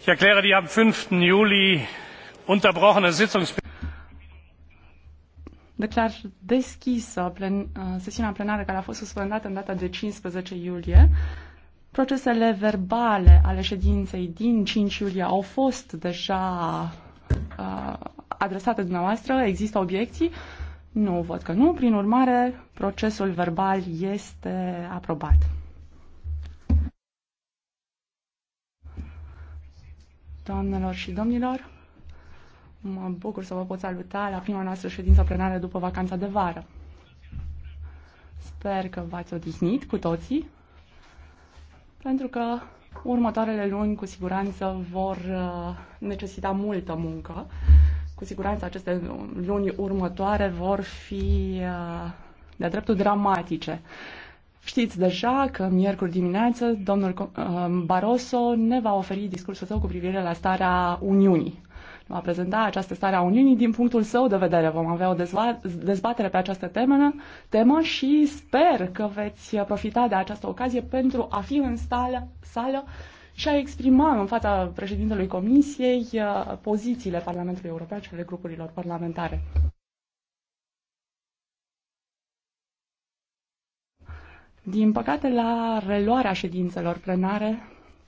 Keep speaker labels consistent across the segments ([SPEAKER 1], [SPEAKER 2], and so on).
[SPEAKER 1] ich erkläre die am. fünf juli unterbrochene sitzungsperiode Declar deschisă plen, uh, sesiunea plenară care a fost suspendată în data de 15 iulie. Procesele verbale ale ședinței din 5 iulie au fost deja uh, adresate dumneavoastră. Există obiecții? Nu, văd că nu. Prin urmare, procesul verbal este aprobat. Doamnelor și domnilor, mă bucur să vă pot saluta la prima noastră ședință plenară după vacanța de vară. Sper că v-ați odihnit cu toții, pentru că următoarele luni cu siguranță vor uh, necesita multă muncă. Cu siguranță aceste luni următoare vor fi uh, de-a dreptul dramatice. Știți deja că miercuri dimineață domnul uh, Barroso ne va oferi discursul său cu privire la starea Uniunii. Va prezenta această stare a Uniunii din punctul său de vedere. Vom avea o dezbatere pe această temă, temă și sper că veți profita de această ocazie pentru a fi în sală, sală și a exprima în fața președintelui Comisiei uh, pozițiile Parlamentului European și ale grupurilor parlamentare. Din păcate, la reluarea ședințelor plenare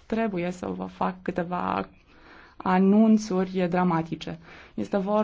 [SPEAKER 1] trebuie să vă fac câteva anunțuri dramatice. Este vorba